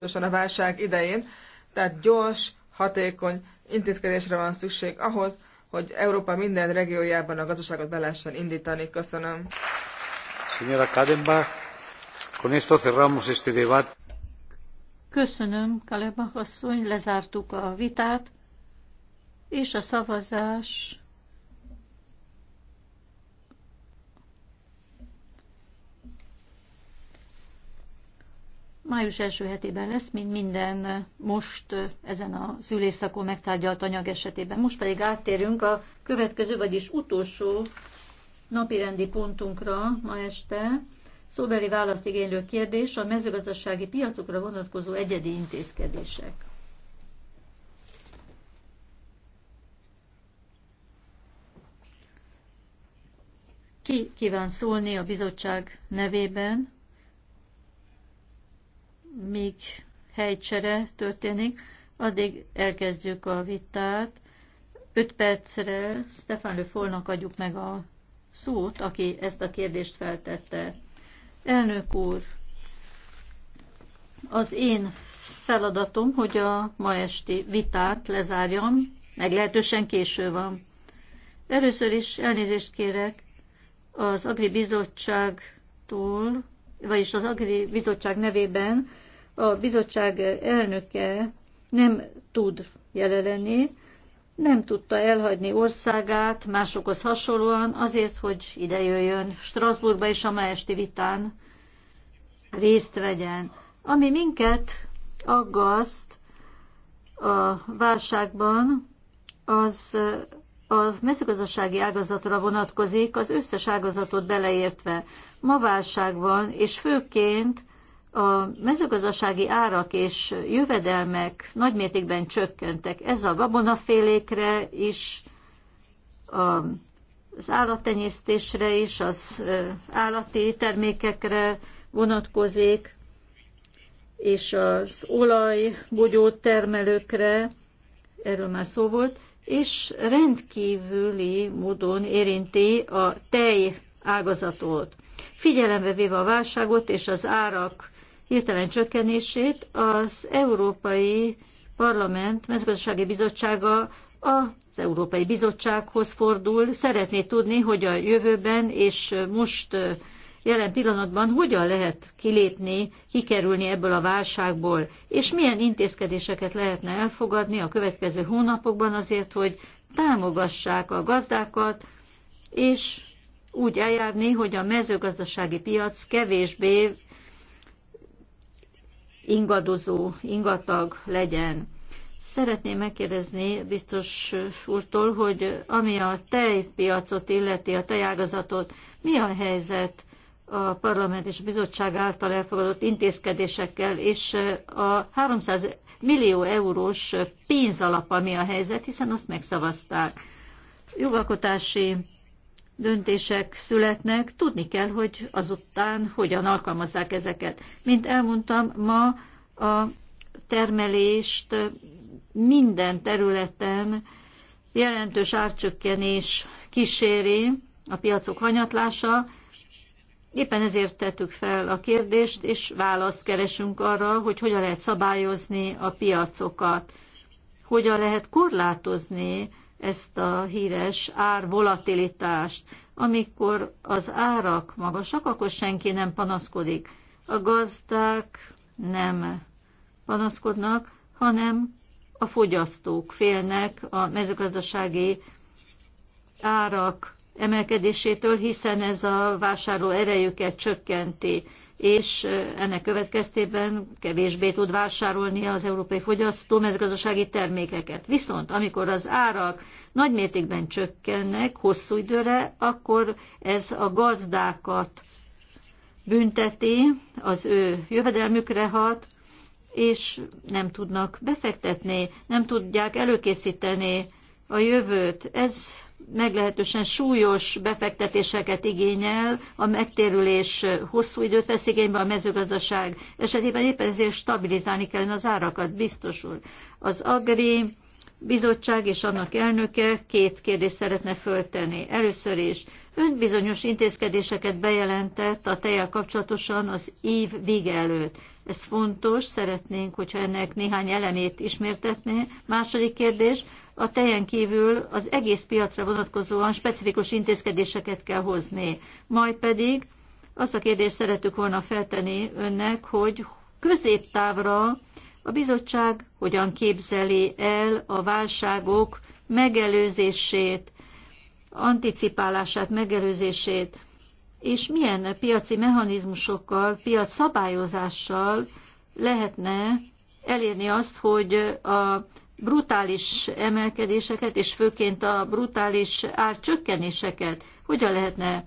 pontosan a válság idején. Tehát gyors, hatékony intézkedésre van szükség ahhoz, hogy Európa minden regiójában a gazdaságot be lehessen indítani. Köszönöm. Señora Kadenbach, con esto cerramos este debate. Köszönöm, Kalebach asszony, lezártuk a vitát, és a szavazás május első hetében lesz, mint minden most ezen a szülésszakon megtárgyalt anyag esetében. Most pedig áttérünk a következő, vagyis utolsó napirendi pontunkra ma este. Szóbeli választ igénylő kérdés a mezőgazdasági piacokra vonatkozó egyedi intézkedések. Ki kíván szólni a bizottság nevében? míg helycsere történik, addig elkezdjük a vitát. 5 percre Stefan Le adjuk meg a szót, aki ezt a kérdést feltette. Elnök úr, az én feladatom, hogy a ma esti vitát lezárjam, meglehetősen késő van. Először is elnézést kérek az Agri Bizottságtól, vagyis az Agri Bizottság nevében, a bizottság elnöke nem tud jelen lenni, nem tudta elhagyni országát másokhoz hasonlóan azért, hogy ide jöjjön Strasbourgba és a ma esti vitán részt vegyen. Ami minket aggaszt a válságban, az a mezőgazdasági ágazatra vonatkozik, az összes ágazatot beleértve. Ma válság van, és főként a mezőgazdasági árak és jövedelmek nagymértékben csökkentek. Ez a gabonafélékre is, az állattenyésztésre is, az állati termékekre vonatkozik, és az olajbogyó termelőkre, erről már szó volt, és rendkívüli módon érinti a tej ágazatot. Figyelembe véve a válságot és az árak hirtelen csökkenését az Európai Parlament mezőgazdasági bizottsága az Európai Bizottsághoz fordul. Szeretné tudni, hogy a jövőben és most jelen pillanatban hogyan lehet kilépni, kikerülni ebből a válságból, és milyen intézkedéseket lehetne elfogadni a következő hónapokban azért, hogy támogassák a gazdákat, és úgy eljárni, hogy a mezőgazdasági piac kevésbé ingadozó, ingatag legyen. Szeretném megkérdezni biztos úrtól, hogy ami a tejpiacot illeti, a tejágazatot, mi a helyzet a Parlament és a Bizottság által elfogadott intézkedésekkel, és a 300 millió eurós pénzalap, ami a helyzet, hiszen azt megszavazták. Jogalkotási döntések születnek, tudni kell, hogy azután hogyan alkalmazzák ezeket. Mint elmondtam, ma a termelést minden területen jelentős árcsökkenés kíséri a piacok hanyatlása. Éppen ezért tettük fel a kérdést, és választ keresünk arra, hogy hogyan lehet szabályozni a piacokat, hogyan lehet korlátozni ezt a híres árvolatilitást. Amikor az árak magasak, akkor senki nem panaszkodik. A gazdák nem panaszkodnak, hanem a fogyasztók félnek a mezőgazdasági árak emelkedésétől, hiszen ez a vásárló erejüket csökkenti, és ennek következtében kevésbé tud vásárolni az európai fogyasztó mezgazdasági termékeket. Viszont amikor az árak nagymértékben csökkennek hosszú időre, akkor ez a gazdákat bünteti, az ő jövedelmükre hat, és nem tudnak befektetni, nem tudják előkészíteni a jövőt. Ez meglehetősen súlyos befektetéseket igényel, a megtérülés hosszú időt vesz igénybe, a mezőgazdaság esetében éppen ezért stabilizálni kellene az árakat, biztosul Az Agri bizottság és annak elnöke két kérdést szeretne föltenni. Először is, ön bizonyos intézkedéseket bejelentett a tejjel kapcsolatosan az év vége előtt. Ez fontos, szeretnénk, hogyha ennek néhány elemét ismertetné. Második kérdés, a tejen kívül az egész piacra vonatkozóan specifikus intézkedéseket kell hozni. Majd pedig azt a kérdést szeretük volna feltenni önnek, hogy középtávra a bizottság hogyan képzeli el a válságok megelőzését, anticipálását, megelőzését, és milyen piaci mechanizmusokkal, piac szabályozással lehetne elérni azt, hogy a brutális emelkedéseket, és főként a brutális árcsökkenéseket hogyan lehetne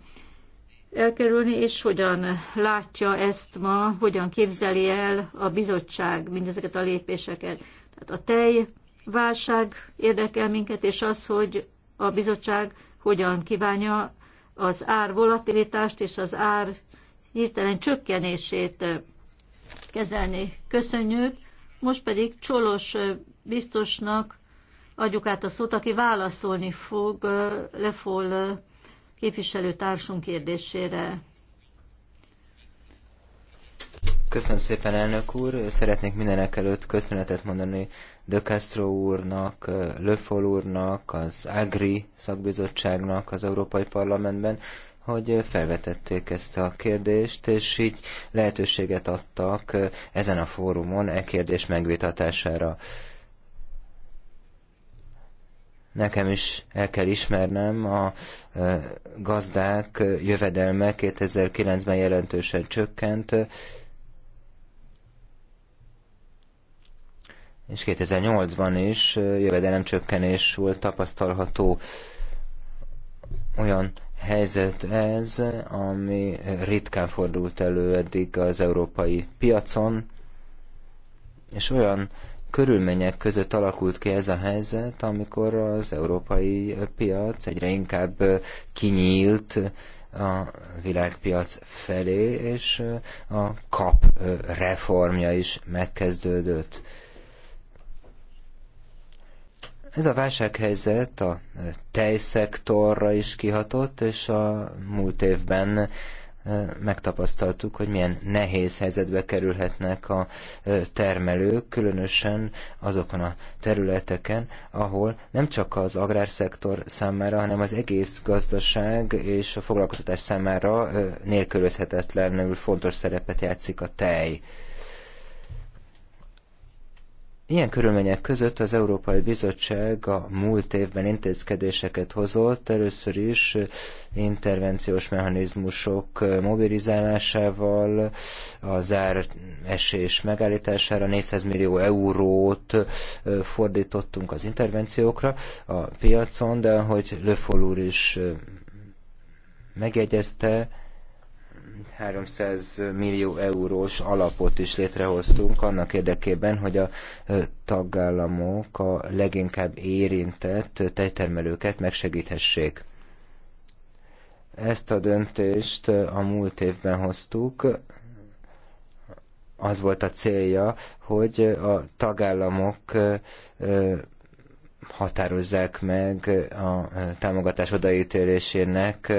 elkerülni, és hogyan látja ezt ma, hogyan képzeli el a bizottság mindezeket a lépéseket. Tehát a tej válság érdekel minket, és az, hogy a bizottság hogyan kívánja az ár volatilitást és az ár hirtelen csökkenését kezelni. Köszönjük! Most pedig Csolos biztosnak adjuk át a szót, aki válaszolni fog Lefol képviselőtársunk kérdésére. Köszönöm szépen, elnök úr! Szeretnék mindenek előtt köszönetet mondani De Castro úrnak, Löfol úrnak, az Agri szakbizottságnak az Európai Parlamentben, hogy felvetették ezt a kérdést, és így lehetőséget adtak ezen a fórumon e kérdés megvitatására. Nekem is el kell ismernem, a gazdák jövedelme 2009-ben jelentősen csökkent, és 2008-ban is csökkenés volt tapasztalható olyan helyzet ez, ami ritkán fordult elő eddig az európai piacon, és olyan körülmények között alakult ki ez a helyzet, amikor az európai piac egyre inkább kinyílt a világpiac felé, és a kap reformja is megkezdődött. Ez a válsághelyzet a tejszektorra is kihatott, és a múlt évben e, megtapasztaltuk, hogy milyen nehéz helyzetbe kerülhetnek a e, termelők, különösen azokon a területeken, ahol nem csak az agrárszektor számára, hanem az egész gazdaság és a foglalkoztatás számára e, nélkülözhetetlenül fontos szerepet játszik a tej. Ilyen körülmények között az Európai Bizottság a múlt évben intézkedéseket hozott, először is intervenciós mechanizmusok mobilizálásával, az esés megállítására 400 millió eurót fordítottunk az intervenciókra a piacon, de ahogy Löfol úr is megjegyezte, 300 millió eurós alapot is létrehoztunk annak érdekében, hogy a tagállamok a leginkább érintett tejtermelőket megsegíthessék. Ezt a döntést a múlt évben hoztuk. Az volt a célja, hogy a tagállamok határozzák meg a támogatás odaítélésének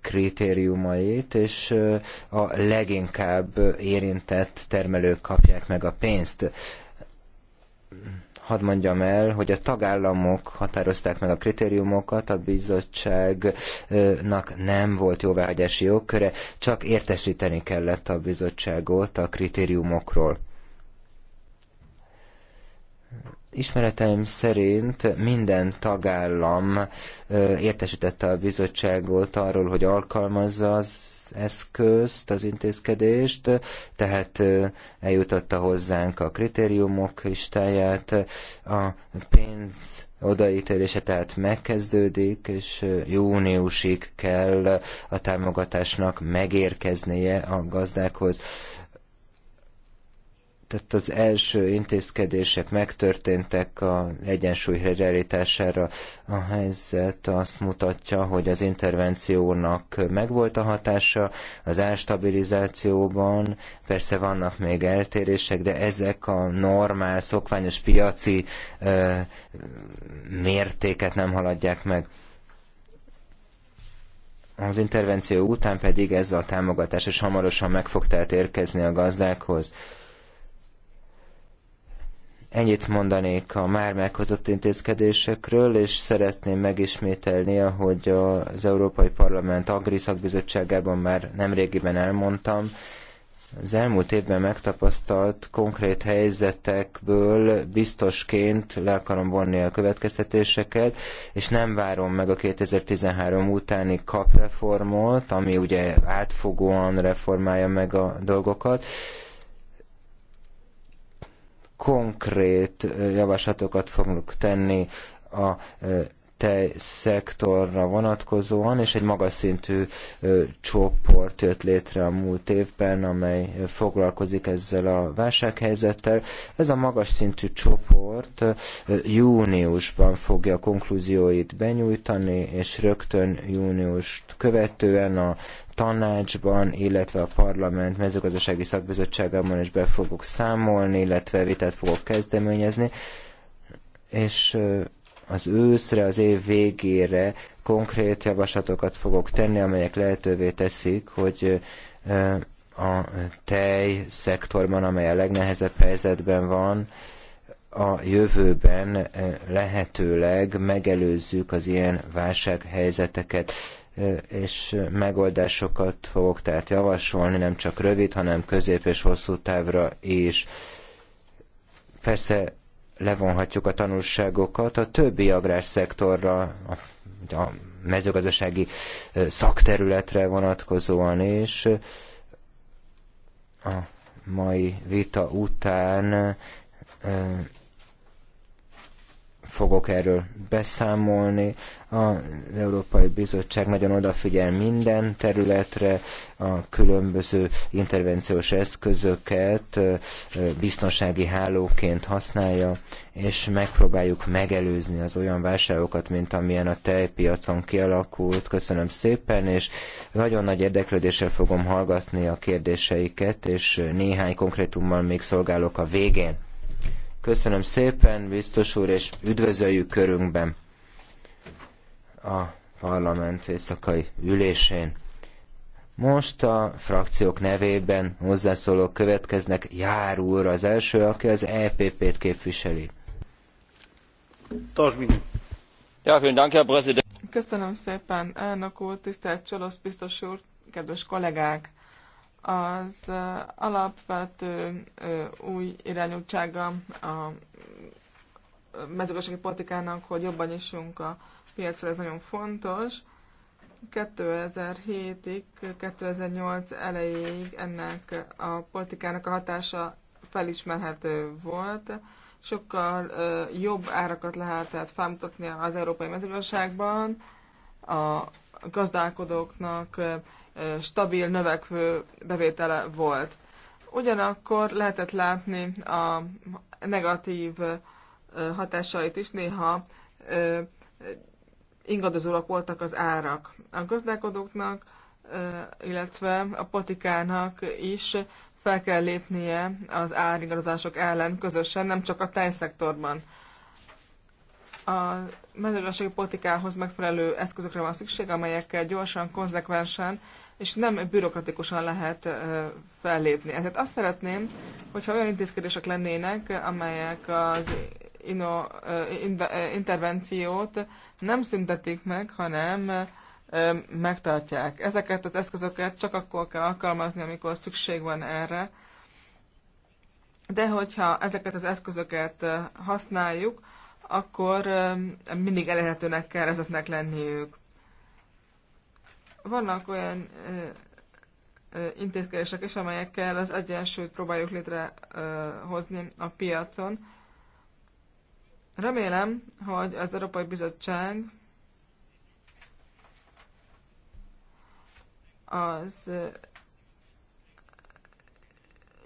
kritériumait, és a leginkább érintett termelők kapják meg a pénzt. Hadd mondjam el, hogy a tagállamok határozták meg a kritériumokat, a bizottságnak nem volt jóváhagyási jogköre, csak értesíteni kellett a bizottságot a kritériumokról. Ismereteim szerint minden tagállam értesítette a bizottságot arról, hogy alkalmazza az eszközt, az intézkedést, tehát eljuttatta hozzánk a kritériumok listáját, a pénz odaítélése tehát megkezdődik, és júniusig kell a támogatásnak megérkeznie a gazdákhoz tehát az első intézkedések megtörténtek a egyensúly helyreállítására. A helyzet azt mutatja, hogy az intervenciónak megvolt a hatása, az elstabilizációban. persze vannak még eltérések, de ezek a normál, szokványos piaci ö, mértéket nem haladják meg az intervenció után pedig ez a támogatás is hamarosan meg fog tehát érkezni a gazdákhoz. Ennyit mondanék a már meghozott intézkedésekről, és szeretném megismételni, ahogy az Európai Parlament Agri Szakbizottságában már nemrégiben elmondtam, az elmúlt évben megtapasztalt konkrét helyzetekből biztosként le akarom vonni a következtetéseket, és nem várom meg a 2013 utáni kapreformot, ami ugye átfogóan reformálja meg a dolgokat, konkrét javaslatokat fogunk tenni a tejszektorra vonatkozóan, és egy magas szintű csoport jött létre a múlt évben, amely foglalkozik ezzel a válsághelyzettel. Ez a magas szintű csoport júniusban fogja a konklúzióit benyújtani, és rögtön júniust követően a tanácsban, illetve a parlament mezőgazdasági szakbizottságában is be fogok számolni, illetve vitát fogok kezdeményezni, és az őszre, az év végére konkrét javaslatokat fogok tenni, amelyek lehetővé teszik, hogy a tej szektorban, amely a legnehezebb helyzetben van, a jövőben lehetőleg megelőzzük az ilyen válsághelyzeteket, és megoldásokat fogok tehát javasolni, nem csak rövid, hanem közép és hosszú távra is. Persze levonhatjuk a tanulságokat a többi agrárszektorra, a, a mezőgazdasági szakterületre vonatkozóan is. A mai vita után fogok erről beszámolni. Az Európai Bizottság nagyon odafigyel minden területre, a különböző intervenciós eszközöket biztonsági hálóként használja, és megpróbáljuk megelőzni az olyan válságokat, mint amilyen a tejpiacon kialakult. Köszönöm szépen, és nagyon nagy érdeklődéssel fogom hallgatni a kérdéseiket, és néhány konkrétummal még szolgálok a végén. Köszönöm szépen, biztos úr, és üdvözöljük körünkben a parlament éjszakai ülésén. Most a frakciók nevében hozzászólók következnek. Jár úr az első, aki az EPP-t képviseli. dank, Herr Präsident. Köszönöm szépen, elnök úr, tisztelt Csolosz biztos úr, kedves kollégák! az alapvető új irányultsága a mezőgazdasági politikának, hogy jobban nyissunk a piacra, ez nagyon fontos. 2007-ig, 2008 elejéig ennek a politikának a hatása felismerhető volt. Sokkal jobb árakat lehetett felmutatni az európai mezőgazdaságban, a gazdálkodóknak stabil, növekvő bevétele volt. Ugyanakkor lehetett látni a negatív hatásait is, néha ingadozóak voltak az árak. A gazdálkodóknak, illetve a potikának is fel kell lépnie az árigazások ellen közösen, nem csak a tejszektorban. A mezőgazdasági politikához megfelelő eszközökre van szükség, amelyekkel gyorsan, konzekvensen és nem bürokratikusan lehet fellépni. Ezért azt szeretném, hogyha olyan intézkedések lennének, amelyek az ino, intervenciót nem szüntetik meg, hanem megtartják. Ezeket az eszközöket csak akkor kell alkalmazni, amikor szükség van erre. De hogyha ezeket az eszközöket használjuk, akkor mindig elérhetőnek kell ezeknek lenniük. Vannak olyan intézkedések is, amelyekkel az egyensúlyt próbáljuk létrehozni a piacon. Remélem, hogy az Európai Bizottság az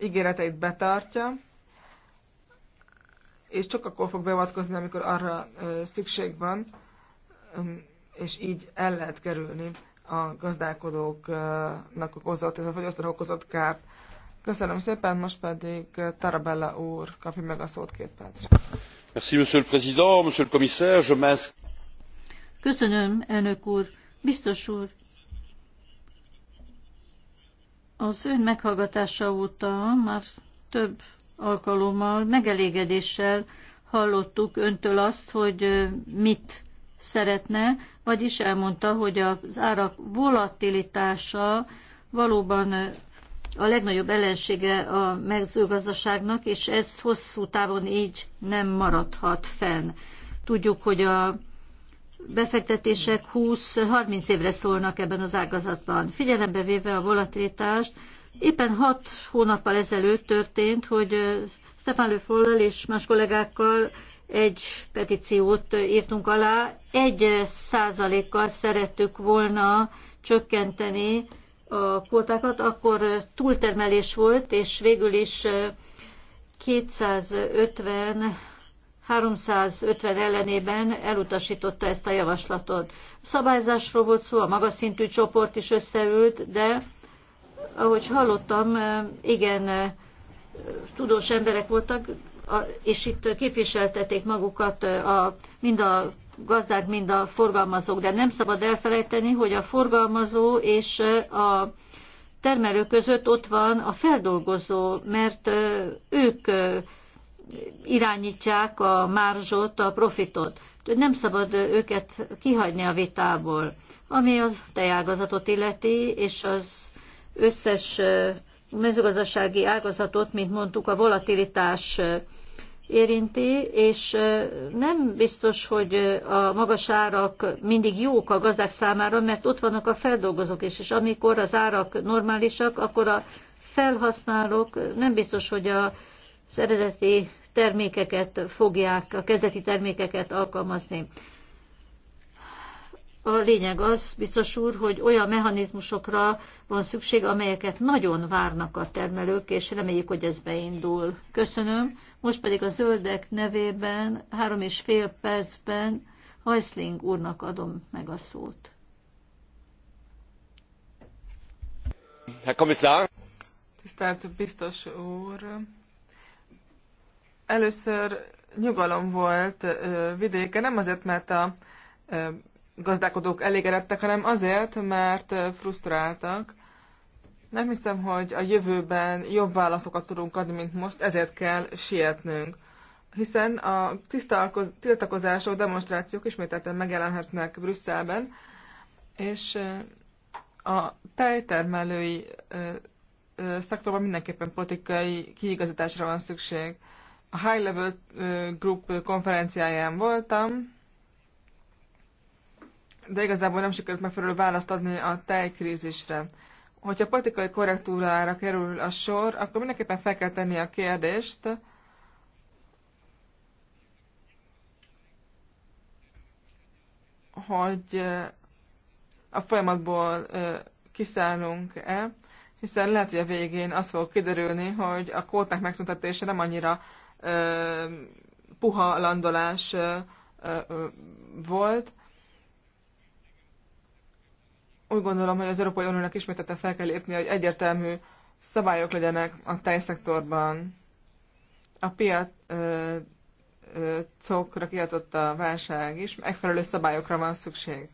ígéreteit betartja, és csak akkor fog beavatkozni, amikor arra szükség van, és így el lehet kerülni a gazdálkodóknak okozott, illetve a fogyasztónak okozott kárt. Köszönöm szépen, most pedig Tarabella úr kapja meg a szót két percre. Merci, monsieur le président, monsieur le commissaire, je Köszönöm, elnök úr, biztos úr. Az ön meghallgatása óta már több alkalommal, megelégedéssel hallottuk öntől azt, hogy mit szeretne, vagyis elmondta, hogy az árak volatilitása valóban a legnagyobb ellensége a mezőgazdaságnak, és ez hosszú távon így nem maradhat fenn. Tudjuk, hogy a befektetések 20-30 évre szólnak ebben az ágazatban. Figyelembe véve a volatilitást, éppen 6 hónappal ezelőtt történt, hogy Stefan Löfollal és más kollégákkal egy petíciót írtunk alá, egy százalékkal szerettük volna csökkenteni a kvótákat, akkor túltermelés volt, és végül is 250 350 ellenében elutasította ezt a javaslatot. Szabályzásról volt szó, a magas szintű csoport is összeült, de ahogy hallottam, igen, tudós emberek voltak, és itt képviseltetik magukat a, mind a gazdák, mind a forgalmazók, de nem szabad elfelejteni, hogy a forgalmazó és a termelő között ott van a feldolgozó, mert ők irányítják a márzsot, a profitot. Nem szabad őket kihagyni a vitából, ami az tejágazatot illeti, és az összes mezőgazdasági ágazatot, mint mondtuk, a volatilitás érinti, és nem biztos, hogy a magas árak mindig jók a gazdák számára, mert ott vannak a feldolgozók is, és amikor az árak normálisak, akkor a felhasználók nem biztos, hogy az eredeti termékeket fogják, a kezdeti termékeket alkalmazni. A lényeg az, biztos úr, hogy olyan mechanizmusokra van szükség, amelyeket nagyon várnak a termelők, és reméljük, hogy ez beindul. Köszönöm. Most pedig a zöldek nevében három és fél percben Hajszling úrnak adom meg a szót. Herr Kommissar! Tisztelt biztos úr! Először nyugalom volt vidéke, nem azért, mert a gazdálkodók elégedettek, hanem azért, mert frusztráltak. Nem hiszem, hogy a jövőben jobb válaszokat tudunk adni, mint most, ezért kell sietnünk. Hiszen a tiltakozások, demonstrációk ismételten megjelenhetnek Brüsszelben, és a tejtermelői szektorban mindenképpen politikai kiigazításra van szükség. A High Level Group konferenciáján voltam, de igazából nem sikerült megfelelő választ adni a tejkrízisre. Hogyha politikai korrektúrára kerül a sor, akkor mindenképpen fel kell tenni a kérdést, hogy a folyamatból kiszállunk-e, hiszen lehet, hogy a végén az fog kiderülni, hogy a kóták megszüntetése nem annyira ö, puha landolás ö, ö, volt, úgy gondolom, hogy az Európai Uniónak ismételten fel kell lépni, hogy egyértelmű szabályok legyenek a tejszektorban. A piacokra kiadott a válság is, megfelelő szabályokra van szükség.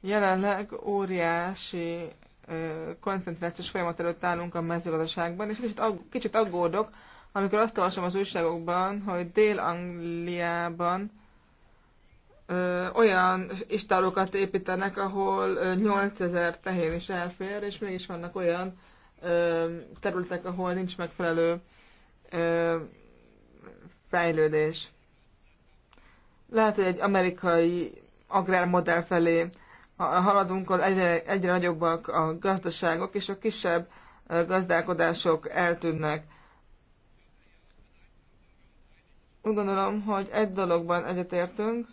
Jelenleg óriási koncentrációs folyamat előtt állunk a mezőgazdaságban, és kicsit, agg- kicsit aggódok, amikor azt olvasom az újságokban, hogy Dél-Angliában ö, olyan istárokat építenek, ahol ö, 8000 tehén is elfér, és mégis vannak olyan ö, területek, ahol nincs megfelelő ö, fejlődés. Lehet, hogy egy amerikai agrármodell felé haladunk, akkor egyre, egyre nagyobbak a gazdaságok, és a kisebb gazdálkodások eltűnnek. Úgy gondolom, hogy egy dologban egyetértünk,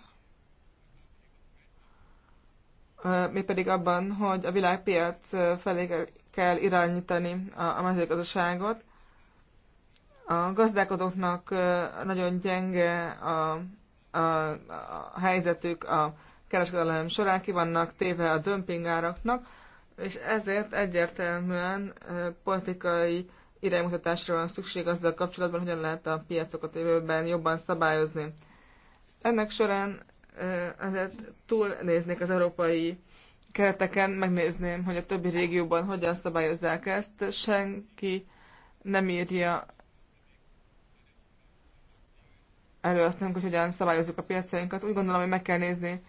mi pedig abban, hogy a világpiac felé kell irányítani a mezőgazdaságot. A gazdálkodóknak nagyon gyenge a, a, a helyzetük a kereskedelem során, ki vannak téve a dömpingáraknak, és ezért egyértelműen politikai iránymutatásra van szükség azzal kapcsolatban, hogyan lehet a piacokat jövőben jobban szabályozni. Ennek során azért túlnéznék az európai kereteken, megnézném, hogy a többi régióban hogyan szabályozzák ezt. Senki nem írja elő azt nem, hogy hogyan szabályozzuk a piacainkat. Úgy gondolom, hogy meg kell nézni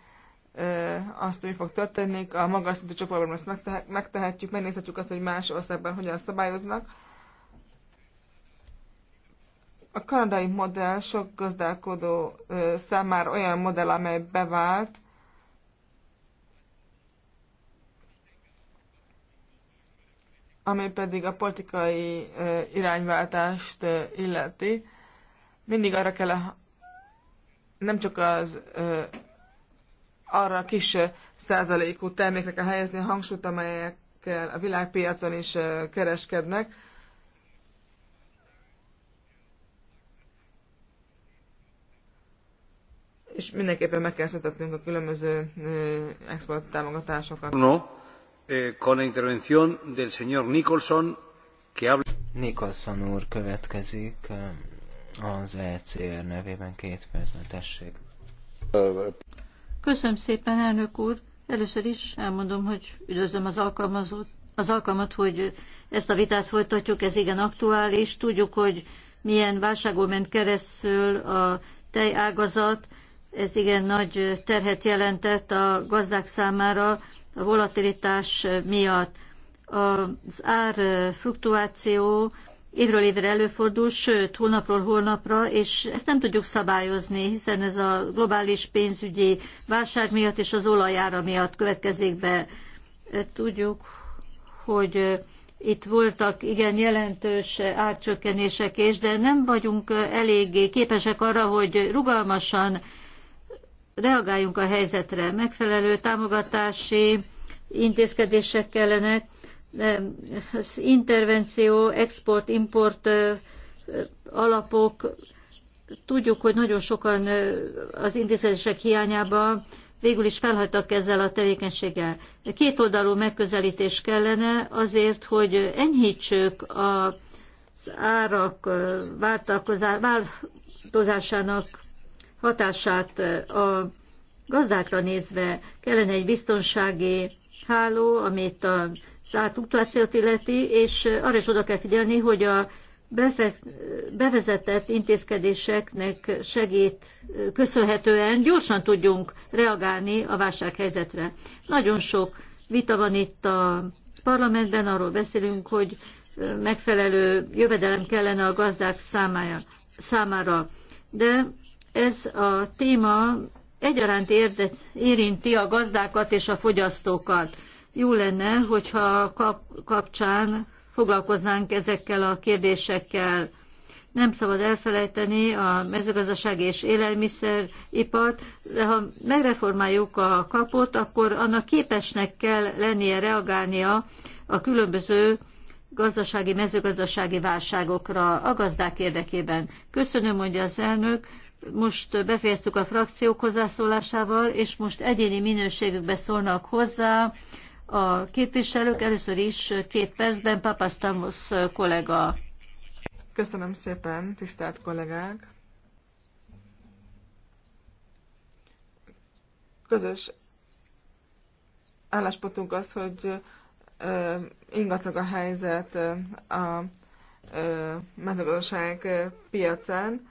azt, hogy mi fog történni. A magas szintű csoportban ezt megtehetjük, megnézhetjük azt, hogy más országban hogyan szabályoznak a kanadai modell sok gazdálkodó számára olyan modell, amely bevált, ami pedig a politikai irányváltást illeti. Mindig arra kell a, nem csak az arra a kis százalékú kell helyezni a hangsúlyt, amelyekkel a világpiacon is kereskednek, és mindenképpen meg kell szüntetnünk a különböző export támogatásokat. No, eh, con la intervención del señor Nicholson, que habla... Nicholson úr következik az ECR nevében két percben, tessék. Köszönöm szépen, elnök úr. Először is elmondom, hogy üdvözlöm az alkalmazót, az alkalmat, hogy ezt a vitát folytatjuk, ez igen aktuális. Tudjuk, hogy milyen válságon ment keresztül a tejágazat, ez igen nagy terhet jelentett a gazdák számára a volatilitás miatt. Az ár fluktuáció évről évre előfordul, sőt, hónapról hónapra, és ezt nem tudjuk szabályozni, hiszen ez a globális pénzügyi válság miatt és az olajára miatt következik be. Tudjuk, hogy itt voltak igen jelentős árcsökkenések is, de nem vagyunk eléggé képesek arra, hogy rugalmasan reagáljunk a helyzetre. Megfelelő támogatási intézkedések kellenek, az intervenció, export, import alapok, tudjuk, hogy nagyon sokan az intézkedések hiányában végül is felhagytak ezzel a tevékenységgel. Kétoldalú megközelítés kellene azért, hogy enyhítsük az árak változásának hatását a gazdákra nézve kellene egy biztonsági háló, amit a átfluktuációt illeti, és arra is oda kell figyelni, hogy a bevezetett intézkedéseknek segít köszönhetően gyorsan tudjunk reagálni a válsághelyzetre. Nagyon sok vita van itt a parlamentben, arról beszélünk, hogy megfelelő jövedelem kellene a gazdák számára. De ez a téma egyaránt érinti a gazdákat és a fogyasztókat. Jó lenne, hogyha kap, kapcsán foglalkoznánk ezekkel a kérdésekkel. Nem szabad elfelejteni a mezőgazdaság és élelmiszeripart, de ha megreformáljuk a kapot, akkor annak képesnek kell lennie reagálnia a különböző gazdasági, mezőgazdasági válságokra a gazdák érdekében. Köszönöm, mondja az elnök. Most befejeztük a frakciók hozzászólásával, és most egyéni minőségükbe szólnak hozzá a képviselők. Először is két percben Papasztamos kollega. Köszönöm szépen, tisztelt kollégák! Közös álláspontunk az, hogy ingatlag a helyzet a mezőgazdaság piacán,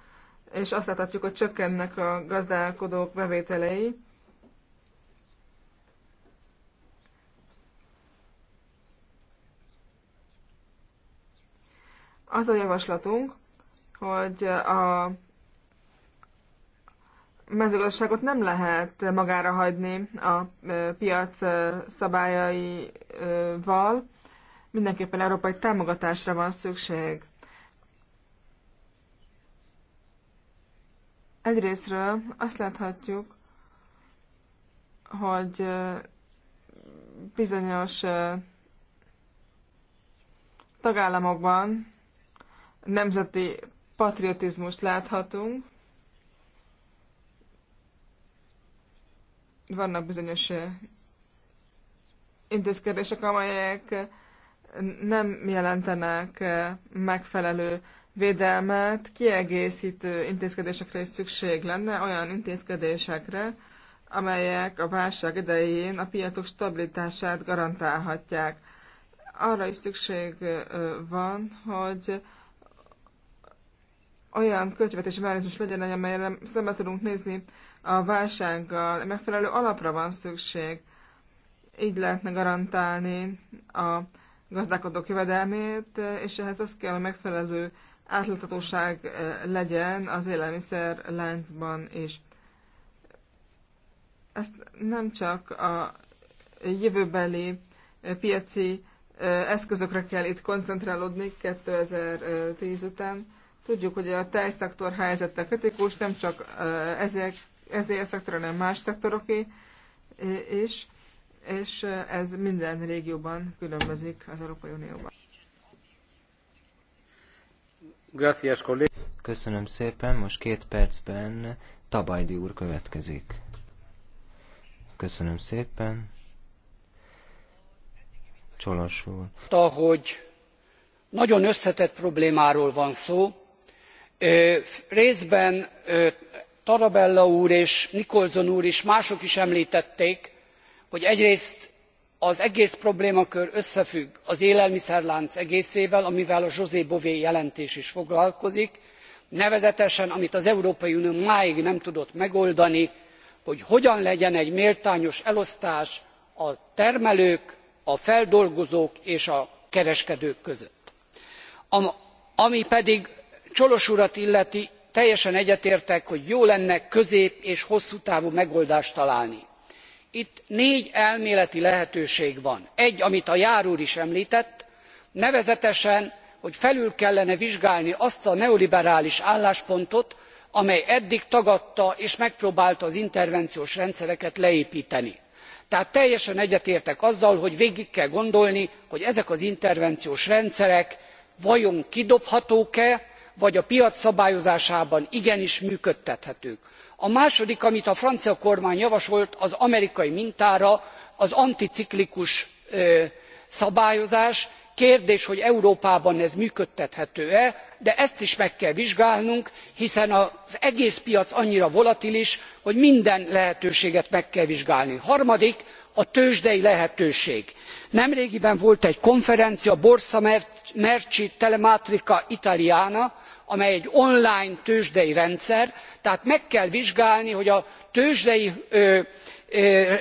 és azt láthatjuk, hogy csökkennek a gazdálkodók bevételei. Az a javaslatunk, hogy a mezőgazdaságot nem lehet magára hagyni a piac szabályaival, mindenképpen európai támogatásra van szükség. Egyrésztről azt láthatjuk, hogy bizonyos tagállamokban nemzeti patriotizmust láthatunk. Vannak bizonyos intézkedések, amelyek nem jelentenek megfelelő védelmet kiegészítő intézkedésekre is szükség lenne, olyan intézkedésekre, amelyek a válság idején a piacok stabilitását garantálhatják. Arra is szükség van, hogy olyan költségvetési mechanizmus legyen, amelyre szembe tudunk nézni a válsággal. Megfelelő alapra van szükség. Így lehetne garantálni a gazdálkodók jövedelmét, és ehhez az kell a megfelelő átláthatóság legyen az élelmiszer láncban is. Ezt nem csak a jövőbeli piaci eszközökre kell itt koncentrálódni 2010 után. Tudjuk, hogy a tejszektor helyzete kritikus, nem csak ezek, ezért a szektor, hanem más szektoroké is, és ez minden régióban különbözik az Európai Unióban. Köszönöm szépen, most két percben Tabajdi úr következik. Köszönöm szépen. Csolos úr. Hogy nagyon összetett problémáról van szó. Részben Tarabella úr és Nikolzon úr is, mások is említették, hogy egyrészt az egész problémakör összefügg az élelmiszerlánc egészével amivel a josé bové jelentés is foglalkozik nevezetesen amit az európai unió máig nem tudott megoldani hogy hogyan legyen egy méltányos elosztás a termelők a feldolgozók és a kereskedők között. ami pedig ciolo urat illeti teljesen egyetértek hogy jó lenne közép és hosszú távú megoldást találni itt négy elméleti lehetőség van egy amit a jahr úr is emltett nevezetesen hogy felül kellene vizsgálni azt a neoliberális álláspontot amely eddig tagadta és megpróbálta az intervenciós rendszereket leépteni. tehát teljesen egyetértek azzal hogy végig kell gondolni hogy ezek az intervenciós rendszerek vajon kidobhatók e vagy a piac szabályozásában igenis működtethetők a második amit a francia kormány javasolt az amerikai mintára az anticiklikus szabályozás kérdés hogy európában ez működtethető e de ezt is meg kell vizsgálnunk hiszen az egész piac annyira volatilis hogy minden lehetőséget meg kell vizsgálni. harmadik a tőzsdei lehetőség. nemrégiben volt egy konferencia borsa merci telematica italiana amely egy online tőzsdei rendszer tehát meg kell vizsgálni hogy a tőzsdei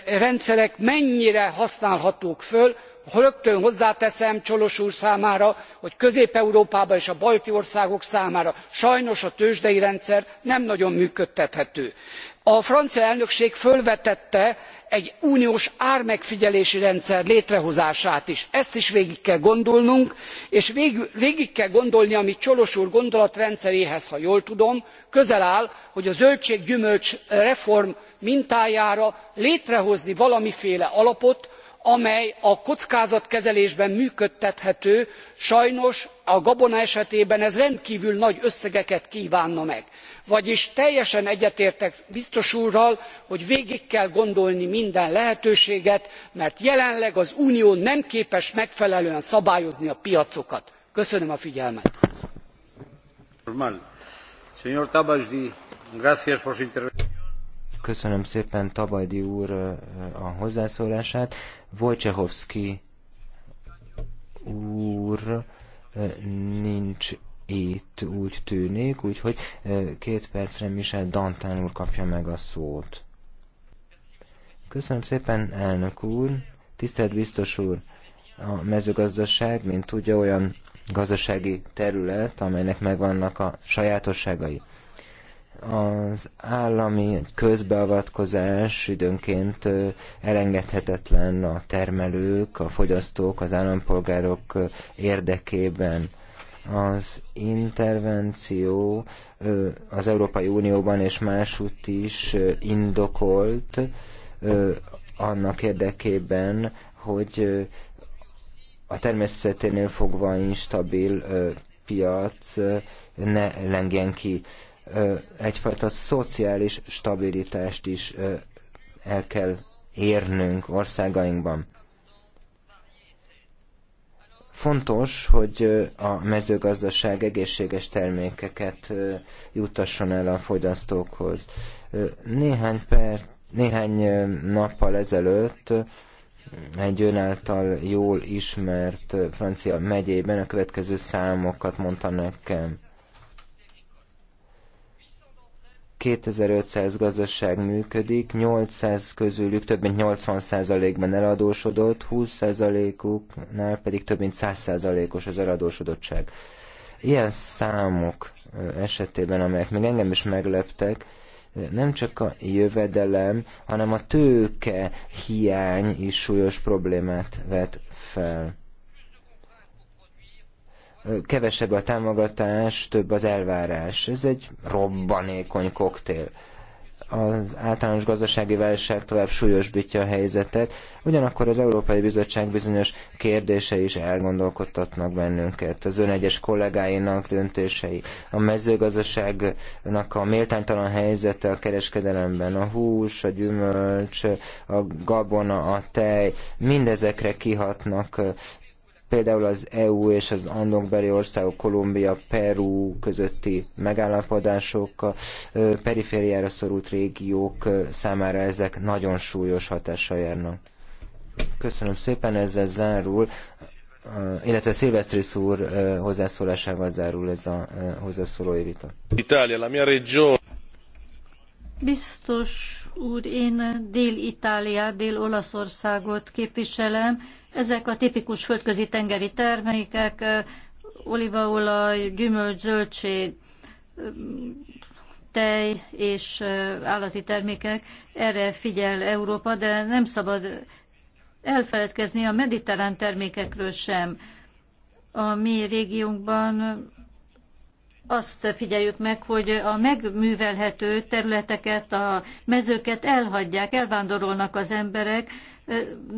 rendszerek mennyire használhatók föl rögtön hozzáteszem ciolo úr számára hogy közép európában és a balti országok számára sajnos a tőzsdei rendszer nem nagyon működtethető. a francia elnökség fölvetette egy uniós ármegfigyelési rendszer létrehozását is ezt is végig kell gondolnunk és végig kell gondolni ami ciolo úr gondolatrendszeréhez ha jól tudom közel áll hogy a zöldség gyümölcs reform mintájára létrehozni valamiféle alapot amely a kockázatkezelésben működtethető sajnos a gabona esetében ez rendkvül nagy összegeket kvánna meg vagyis teljesen egyetértek biztos úrral hogy végig kell gondolni minden lehetőséget mert jelenleg az unió nem képes megfelelően szabályozni a piacokat. köszönöm a figyelmet. Köszönöm szépen Tabajdi úr a hozzászólását. Wojciechowski úr nincs itt, úgy tűnik, úgyhogy két percre Michel Dantán úr kapja meg a szót. Köszönöm szépen, elnök úr, tisztelt biztos úr, a mezőgazdaság, mint tudja, olyan gazdasági terület, amelynek megvannak a sajátosságai az állami közbeavatkozás időnként elengedhetetlen a termelők, a fogyasztók, az állampolgárok érdekében. Az intervenció az Európai Unióban és másutt is indokolt annak érdekében, hogy a természeténél fogva instabil piac ne lengjen ki egyfajta szociális stabilitást is el kell érnünk országainkban. Fontos, hogy a mezőgazdaság egészséges termékeket jutasson el a fogyasztókhoz. Néhány, per, néhány nappal ezelőtt egy önáltal jól ismert francia megyében a következő számokat mondta nekem 2500 gazdaság működik, 800 közülük több mint 80%-ban eladósodott, 20%-uknál pedig több mint 100%-os az eladósodottság. Ilyen számok esetében, amelyek még engem is megleptek, nem csak a jövedelem, hanem a tőke hiány is súlyos problémát vet fel kevesebb a támogatás, több az elvárás. Ez egy robbanékony koktél. Az általános gazdasági válság tovább súlyosbítja a helyzetet, ugyanakkor az Európai Bizottság bizonyos kérdése is elgondolkodtatnak bennünket. Az ön egyes kollégáinak döntései, a mezőgazdaságnak a méltánytalan helyzete a kereskedelemben, a hús, a gyümölcs, a gabona, a tej, mindezekre kihatnak Például az EU és az Andong-beli országok, Kolumbia, Peru közötti megállapodások, a perifériára szorult régiók számára ezek nagyon súlyos hatással járnak. Köszönöm szépen, ezzel zárul illetve Szilvesztris úr hozzászólásával zárul ez a hozzászólói vita. Itália, la mia regione. Biztos úr, én Dél-Itáliát, Dél-Olaszországot képviselem. Ezek a tipikus földközi tengeri termékek, olívaolaj, gyümölcs, zöldség, tej és állati termékek. Erre figyel Európa, de nem szabad elfeledkezni a mediterrán termékekről sem. A mi régiónkban azt figyeljük meg, hogy a megművelhető területeket, a mezőket elhagyják, elvándorolnak az emberek,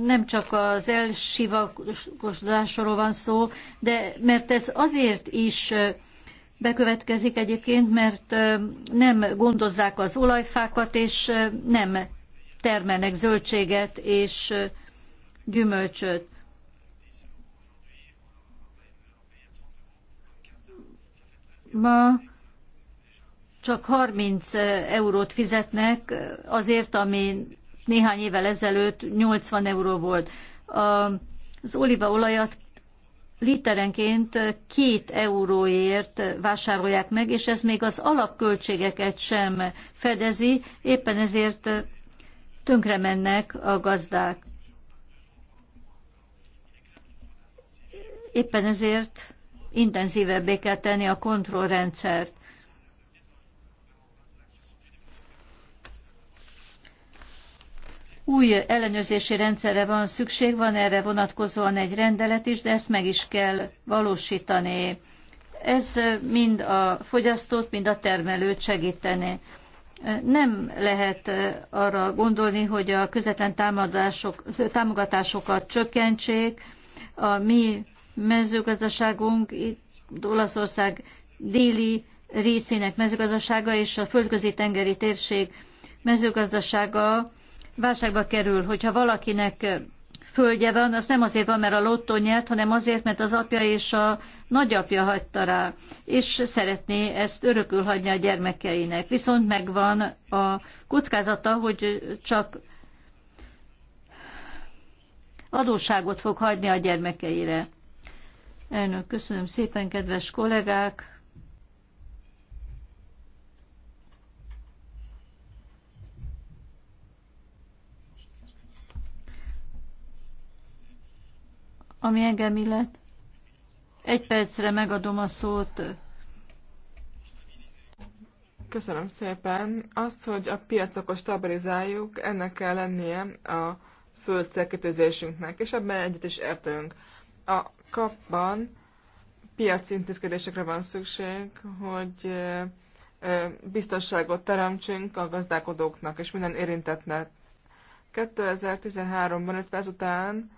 nem csak az elsivakosodásról van szó, de mert ez azért is bekövetkezik egyébként, mert nem gondozzák az olajfákat, és nem termelnek zöldséget és gyümölcsöt. ma csak 30 eurót fizetnek azért, ami néhány évvel ezelőtt 80 euró volt. Az olívaolajat literenként 2 euróért vásárolják meg, és ez még az alapköltségeket sem fedezi, éppen ezért tönkre mennek a gazdák. Éppen ezért intenzívebbé kell tenni a kontrollrendszert. Új ellenőrzési rendszerre van szükség, van erre vonatkozóan egy rendelet is, de ezt meg is kell valósítani. Ez mind a fogyasztót, mind a termelőt segíteni. Nem lehet arra gondolni, hogy a közvetlen támogatásokat csökkentsék. A mi mezőgazdaságunk, itt Olaszország déli részének mezőgazdasága és a földközi tengeri térség mezőgazdasága válságba kerül. Hogyha valakinek földje van, az nem azért van, mert a lottó nyert, hanem azért, mert az apja és a nagyapja hagyta rá, és szeretné ezt örökül hagyni a gyermekeinek. Viszont megvan a kockázata, hogy csak adósságot fog hagyni a gyermekeire. Elnök, köszönöm szépen, kedves kollégák! Ami engem illet, egy percre megadom a szót Köszönöm szépen. Azt, hogy a piacokat stabilizáljuk, ennek kell lennie a fő célkitűzésünknek, és ebben egyet is értünk a kapban piaci intézkedésekre van szükség, hogy biztonságot teremtsünk a gazdálkodóknak és minden érintetnek. 2013-ban, illetve ezután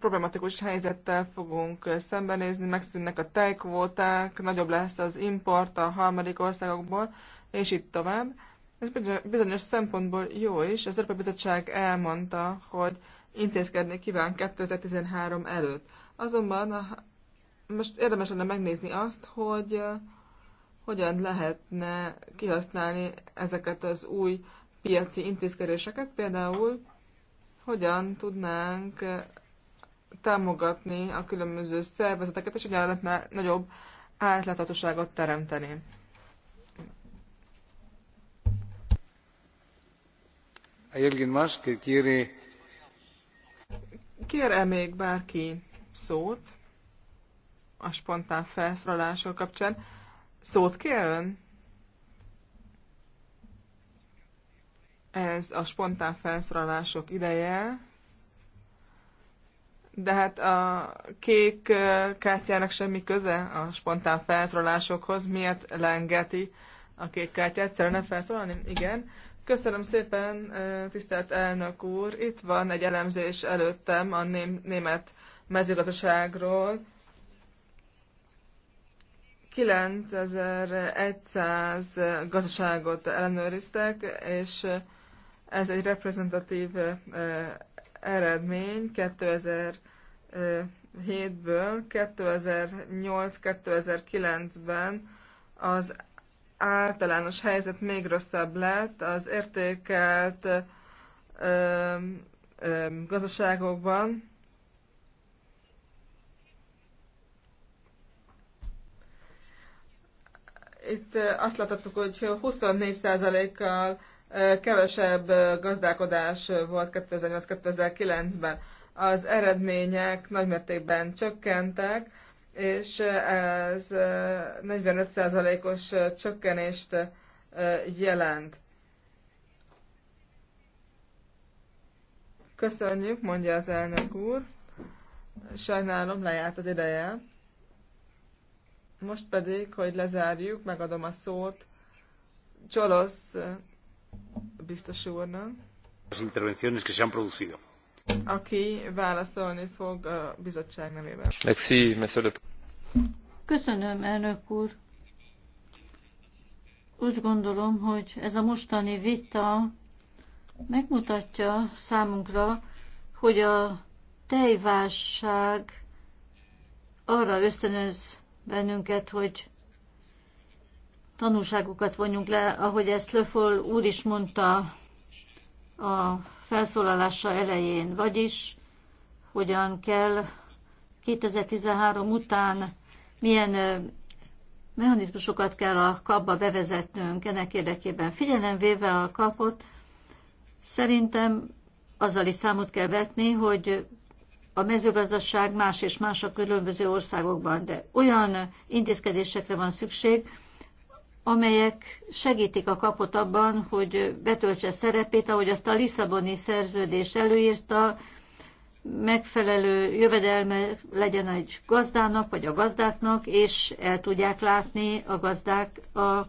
problematikus helyzettel fogunk szembenézni, megszűnnek a tejkvóták, nagyobb lesz az import a harmadik országokból, és itt tovább. Ez bizonyos szempontból jó is. Az Európai Bizottság elmondta, hogy intézkedni kíván 2013 előtt. Azonban ah, most érdemes lenne megnézni azt, hogy ah, hogyan lehetne kihasználni ezeket az új piaci intézkedéseket, például hogyan tudnánk eh, támogatni a különböző szervezeteket, és hogyan lehetne nagyobb átláthatóságot teremteni. Egyébként más, kérjé Kér-e még bárki szót a spontán felszólalások kapcsán? Szót kér ön? Ez a spontán felszólalások ideje. De hát a kék kártyának semmi köze a spontán felszólalásokhoz. Miért lengeti a kék kártyát? Szeretne felszólalni? Igen. Köszönöm szépen, tisztelt elnök úr. Itt van egy elemzés előttem a német mezőgazdaságról. 9100 gazdaságot ellenőriztek, és ez egy reprezentatív eredmény 2007-ből. 2008-2009-ben az általános helyzet még rosszabb lett. Az értékelt ö, ö, gazdaságokban itt azt láthattuk, hogy 24%-kal kevesebb gazdálkodás volt 2008-2009-ben. Az eredmények nagymértékben csökkentek, és ez 45%-os csökkenést jelent. Köszönjük, mondja az elnök úr. Sajnálom, lejárt az ideje. Most pedig, hogy lezárjuk, megadom a szót Csolosz biztos úrnak. Az intervenciones que se han producido aki válaszolni fog a bizottság nevében. Merci, Köszönöm, elnök úr. Úgy gondolom, hogy ez a mostani vita megmutatja számunkra, hogy a tejválság arra ösztönöz bennünket, hogy tanulságokat vonjunk le, ahogy ezt löföl úr is mondta, a felszólalása elején, vagyis hogyan kell 2013 után milyen mechanizmusokat kell a kapba bevezetnünk ennek érdekében. Figyelem véve a kapot, szerintem azzal is számot kell vetni, hogy a mezőgazdaság más és más a különböző országokban, de olyan intézkedésekre van szükség, amelyek segítik a kapot abban, hogy betöltse szerepét, ahogy azt a Lisszaboni szerződés előírta, megfelelő jövedelme legyen egy gazdának, vagy a gazdáknak, és el tudják látni a gazdák a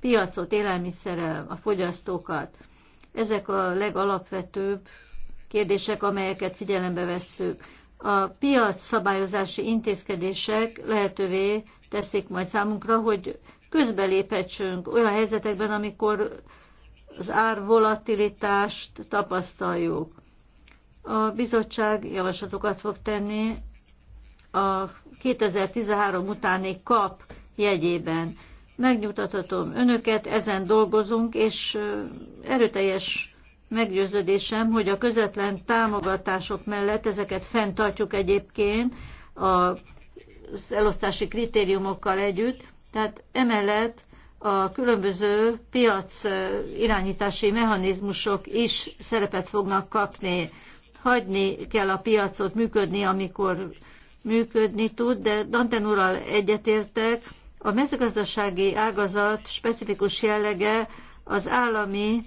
piacot, élelmiszerrel, a fogyasztókat. Ezek a legalapvetőbb kérdések, amelyeket figyelembe vesszük. A piac szabályozási intézkedések lehetővé teszik majd számunkra, hogy közbelépecsünk olyan helyzetekben, amikor az árvolatilitást tapasztaljuk. A bizottság javaslatokat fog tenni a 2013 utáni kap jegyében. Megnyugtathatom önöket, ezen dolgozunk, és erőteljes meggyőződésem, hogy a közvetlen támogatások mellett ezeket fenntartjuk egyébként az elosztási kritériumokkal együtt, tehát emellett a különböző piac irányítási mechanizmusok is szerepet fognak kapni. Hagyni kell a piacot működni, amikor működni tud, de Danten úrral egyetértek. A mezőgazdasági ágazat specifikus jellege az állami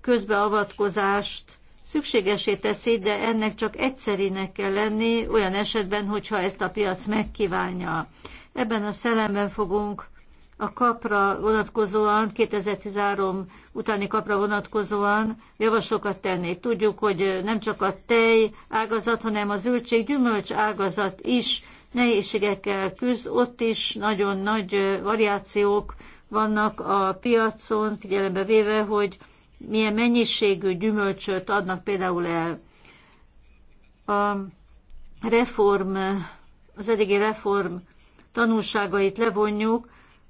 közbeavatkozást szükségesé teszi, de ennek csak egyszerinek kell lenni olyan esetben, hogyha ezt a piac megkívánja. Ebben a szellemben fogunk a kapra vonatkozóan, 2013 utáni kapra vonatkozóan javaslókat tenni. Tudjuk, hogy nem csak a tej ágazat, hanem a zöldség gyümölcs ágazat is nehézségekkel küzd, ott is nagyon nagy variációk vannak a piacon, figyelembe véve, hogy milyen mennyiségű gyümölcsöt adnak például el. A reform, az eddigi reform tanulságait levonjuk,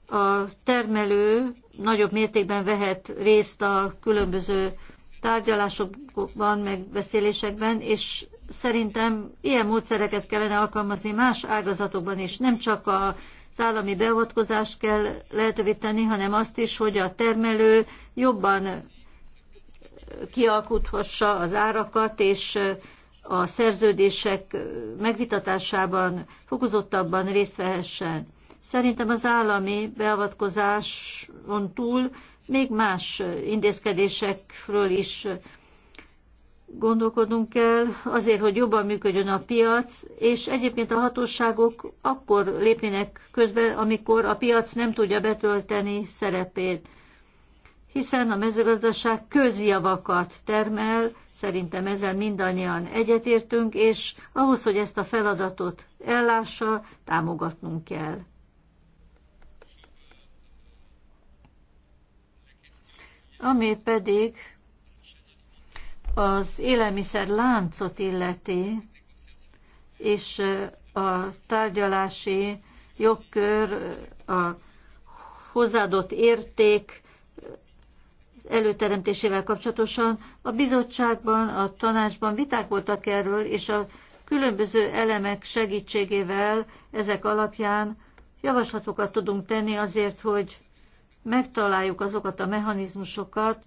a termelő nagyobb mértékben vehet részt a különböző tárgyalásokban, megbeszélésekben, és szerintem ilyen módszereket kellene alkalmazni más ágazatokban is. Nem csak a állami beavatkozást kell lehetővé tenni, hanem azt is, hogy a termelő jobban kialkuthassa az árakat, és a szerződések megvitatásában fokozottabban részt vehessen. Szerintem az állami beavatkozáson túl még más intézkedésekről is gondolkodnunk kell, azért, hogy jobban működjön a piac, és egyébként a hatóságok akkor lépnének közbe, amikor a piac nem tudja betölteni szerepét hiszen a mezőgazdaság közjavakat termel, szerintem ezzel mindannyian egyetértünk, és ahhoz, hogy ezt a feladatot ellássa, támogatnunk kell. Ami pedig az élelmiszer láncot illeti, és a tárgyalási jogkör, a hozzáadott érték előteremtésével kapcsolatosan. A bizottságban, a tanácsban viták voltak erről, és a különböző elemek segítségével ezek alapján javaslatokat tudunk tenni azért, hogy megtaláljuk azokat a mechanizmusokat,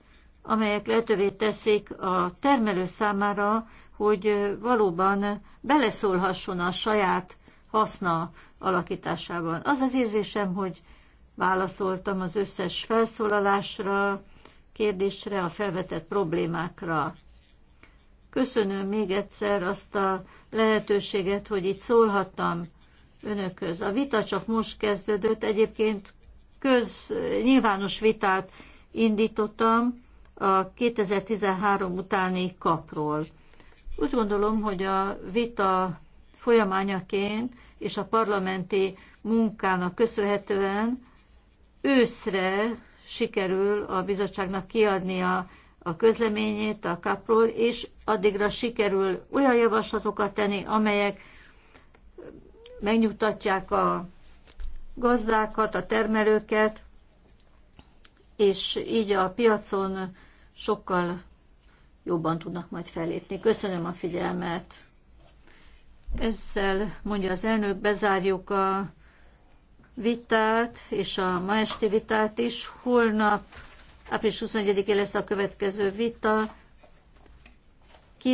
amelyek lehetővé teszik a termelő számára, hogy valóban beleszólhasson a saját haszna alakításában. Az az érzésem, hogy válaszoltam az összes felszólalásra, kérdésre, a felvetett problémákra. Köszönöm még egyszer azt a lehetőséget, hogy itt szólhattam önökhöz. A vita csak most kezdődött, egyébként köz, nyilvános vitát indítottam a 2013 utáni kapról. Úgy gondolom, hogy a vita folyamányaként és a parlamenti munkának köszönhetően őszre sikerül a bizottságnak kiadnia a közleményét a kapról, és addigra sikerül olyan javaslatokat tenni, amelyek megnyugtatják a gazdákat, a termelőket, és így a piacon sokkal jobban tudnak majd fellépni. Köszönöm a figyelmet. Ezzel mondja az elnök, bezárjuk a vitát, és a ma esti vitát is. Holnap április 21-én lesz a következő vita.